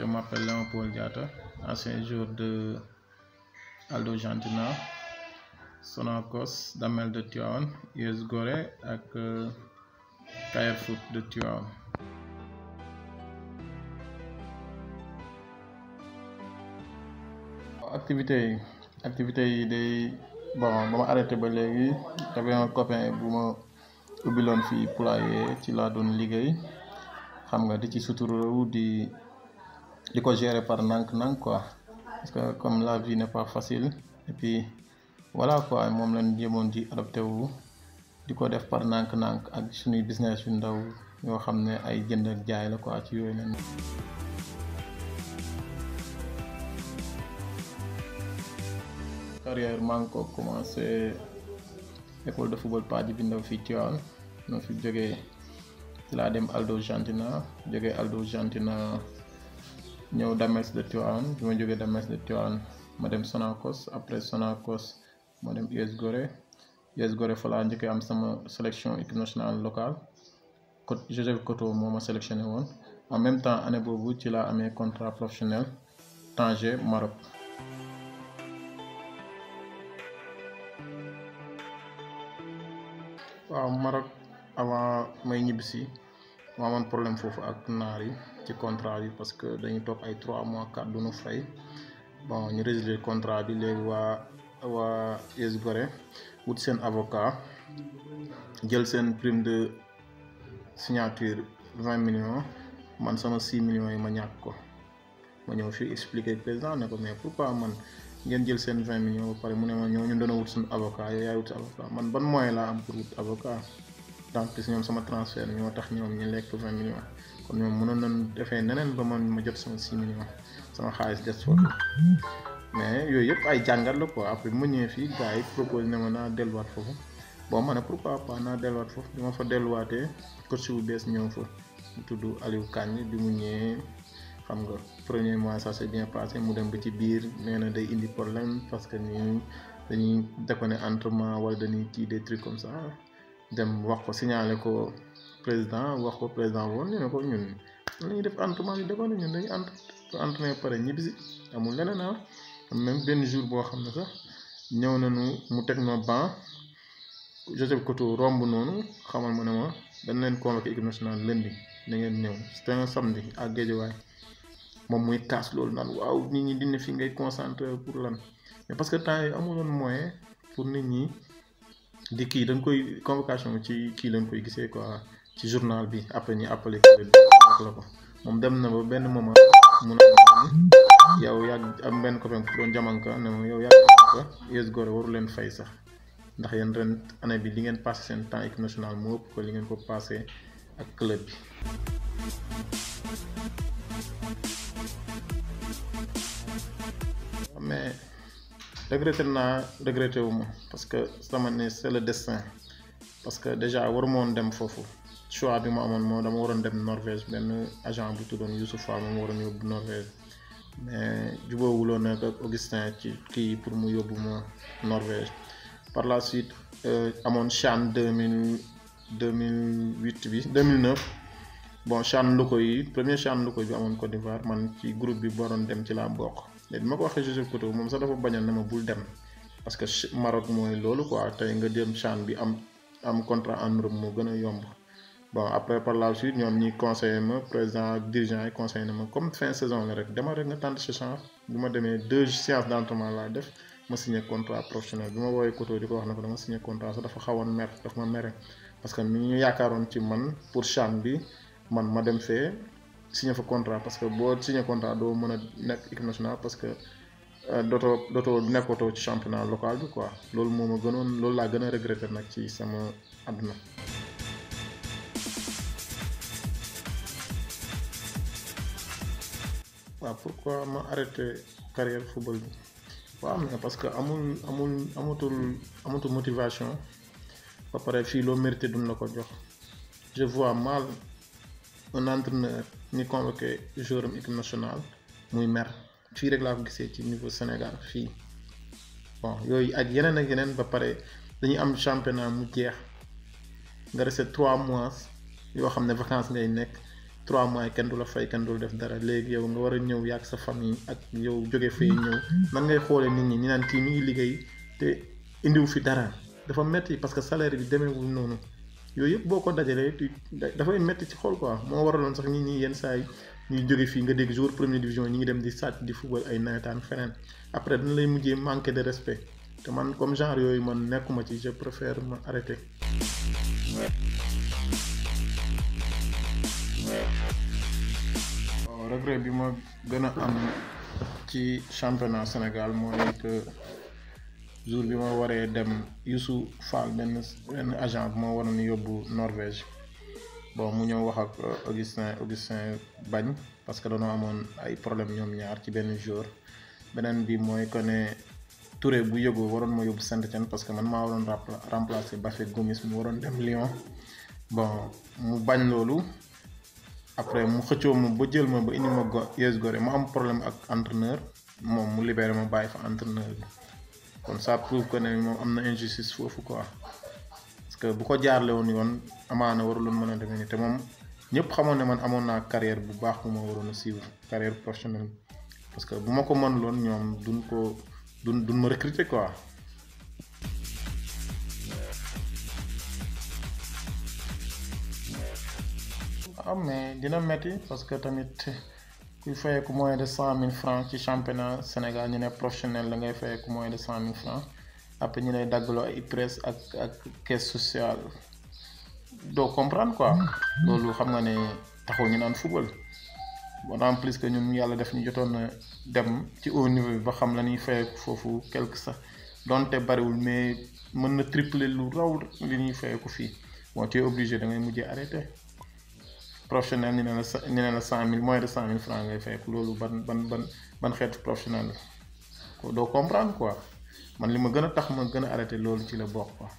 Je m'appelle Léon Paul Diata, ancien jour de Aldo Gentina, Sonacos, Damel de Thion, Yves Gore et euh, Kaya Foot de Thion. Activité, activité des bon, vais arrêter ba légui, j'avais un copain bouma ubiloon fi poulailler ci laa doon liggéey xam nga di ci suturoo di di ko gérer par ndànk nank ko parce que comme la vie n'est pas facile et puis voilà quoi moom lañ jéemoon di adopté wu di ko def par ndànk-ndànk ak suñuy business yu ndaw yoo xam ne ay jënd jaay la ko ci yooyu lañ. carrière maa ngi ko commencé école de football Pady bi ndaw fii Tivaouane noo fi jógee ci laa dem Aldo Gentina jógee Aldo Gentina. ñëw Dames de Tivaouane bi ma jógee Dames de Tivaouane ma dem Sonacos après Sonacos ma dem US gore US Gorée fa laa am sama sélection équipe nationale locale coach Joseph Koto moo ma sélectionné woon en même temps année boobu ci laa amee contrat professionnel Tanger Maroc. waaw Maroc avant may ñibbisi. moo man problème foofu ak naar yi ci contrat bi parce que dañu toog ay trois mois quatre duñu fay bon ñu résilier contrat bi léegi waa waa US Gorée wut seen avocat jël seen prime de signature vingt millions man sama six millions yi ma ñàkk ko ma ñëw fii expliquer président ne ko mais pourquoi man ngeen jël seen vingt millions ba pare mu ne ma ñoo ñu doon wut suñu avocat yow yaay wut avocat man ban moyen laa am pour wut avocat en plus ñoom sama transfert ñoo tax ñoom ñu lekk vingt millions kon ñoom mënoon nañ defee neneen ba man ma jot sama six millions sama xaalis des foofu mais yooyu yëpp ay jàngat la ko après mu ñëwee fii gars yi proposé ma naa delluwaat foofu boo ma ne pourquoi pas naa delluwaat foofu bi ma fa delluwaatee coach bu bees ñëw fa mu tudd Aliou Kandji bi mu ñëwee xam nga premier mois ça s'est bien passé mu dem ba ci biir nee na day indi problème parce que nii dañuy da ko ne entraînement wala dañuy kii des trucs comme dem wax ko signaler ko président wax ko président woon ñu ne ko ñun la ñuy def entraînement yu demoon ñun dañuy ent entraîné pare ñibbisi amul leneen ah même benn jour boo xam ne sax ñëw na nu mu teg noo ban Joseph Koto romb noonu xamal ma ne ma dañ leen convoqué équipe nationale lundi na ngeen ñëw c'était un samedi ak Guédiawaye moom muy kaas loolu naan waaw nit ñi dina fi ngay concentré pour lan mais temps amuloon moyen pour nit ñi. di kii dañ koy convocation de ci kii lañ koy gisee quoi ci journal bi après ñu appelé ak la ko moom dem na ba benn moment mun a yow yàgg am benn copain ku doon jamanka ne ma yow yàgg ko US Gorée waru leen fay sax ndax yéen ren année bi li ngeen passé seen temps équipe nationale moo ëpp ko li ngeen ko passé ak club bi regretté na, regretté wu parce que sama né c'est le destin parce que déjà waruma woon dem fofu choix bi mo amone mo dama waron dem Norvège ben agent bu youssouf Youssoufa mo waron yóbbu Norvège mais jubóowuloon nag ak Augustin ci pour mu yóbbu mo Norvège par la suite euh, amone CHAN 2000 2008 bi 2009 bon CHAN Loco yi premier CHAN Loco bi amone Côte d'Ivoire man ci groupe bi boron dem ci la bokk. mais bi ma ko waxee Joseph Koto moom sax dafa bañal na ma bul dem parce que Maroc mooy loolu quoi tey nga dem CHAN bi am am contrat en Europe moo gën a yomb bon après par la suite ñoom ñi conseillé ma président ak dirigeant yi conseillé na ma comme fin saison la rek dama rek nga tànn sa chance bu ma demee deux séances laa def ma signé contrat professionnel bi ma woowee Koto di ko wax na ko dama signé contrat sax dafa xawoon mer dafa ma mere parce que man ma dem fee. signé fa contrat parce que bo signé contrat do mën nek nekk équipe nationale parce que euh, dootoo dootoo nekkatoo ci championnat local bi quoi lolou moma gënon lolou la gëna regretter nak ci sama aduna wa pourquoi ma arrêté carrière football bi wa am parce que amul amul amatul amatul motivation ba paré fi lo mérité duñ la jox je vois mal. un na ñu convoqué joueur am équipe nationale muy mer fii rek laa ko gisee ci niveau Sénégal fii bon yooyu ak yeneen ak yeneen ba pare dañu am championnat mu jeex nga resté trois mois yoo xam ne vacances ngay nekk trois mois kenn du la fay kenn du la def dara léegi yow nga war a ñëw yàgg sa famille ak yow jóge fay ñëw man ngay xoolee nit ñi ñu naan kii mi ngi liggéey te indiwu fi dara dafa metti parce que salaire bi demeewul noonu. yooyu yëpp boo ko dajalee dafay métti ci xol quoi moo waraloon sax nit ñi yenn saa yi ñuy jóge fii nga dégg jour première division ñi ngi dem di sàcc di football ay nawetaan feneen après dina lay mujjee manquer de respect te man comme genre yooyu man nekkuma ci je préfère ma arrêter. regret bi ma gën a am ci championnat Sénégal mooy que. jour bi ma waree dem Youssou Fall benn benn agent bu ma waroon yóbbu Norvège bon mu ñëw wax ak euh, Augustin Augustin bañ parce que dañoo amoon ay problème ñoom ñaar ci benn jour beneen bi mooy que ne Touré bu yëgoo waroon ma yóbbu Saint-Étienne parce que man maa waroon remplacer Bafé Gomis mu waroon dem Lyon bon mu bañ loolu après mu xëccoo ma ba jël ma ba indi ma go Yes mu am problème ak entraîneur moom mu libéré ma bàyyi fa entraîneur kon ça prouve que ne moom am na injustice foofu quoi parce que bu ko jaarle woon yoon amaana waruloon mën a deme nii te moom ñëpp xamoon ne man amoon naa carrière bu baax bu ma waroon a suivre carrière professionnelle parce que bu ma ko mën loon ñoom duñ ko duñ duñ ma recruter quoi. ah mais dina metti parce que tamit. kuy fayeeku moins de cent mille francs ci championnat Sénégal ñu ne professionnel la ngay fayeeku moins de cent mille francs après ñu lay daggaloo ay presse ak ak caisse sociale doo comprendre quoi mm-hmm. loolu xam nga ne taxul ñu naan football bon en plus que ñun yàlla def ñu jotoon na dem ci haut niveau bi ba xam la ñuy fayeeku foofu quelque sax donte bariwul mais mën na tripler lu raw li ñuy fayeeku fii bon tu es obligé da ngay mujjee arrêté professionnel ñu ne la cent ñu ne na cent mille moins de cent mille franc ngay fekk loolu ban ban ban ban xeetu professionnel la doo comprendre quoi man li ma gën a tax ma gën a arrêté loolu ci la bokk quoi.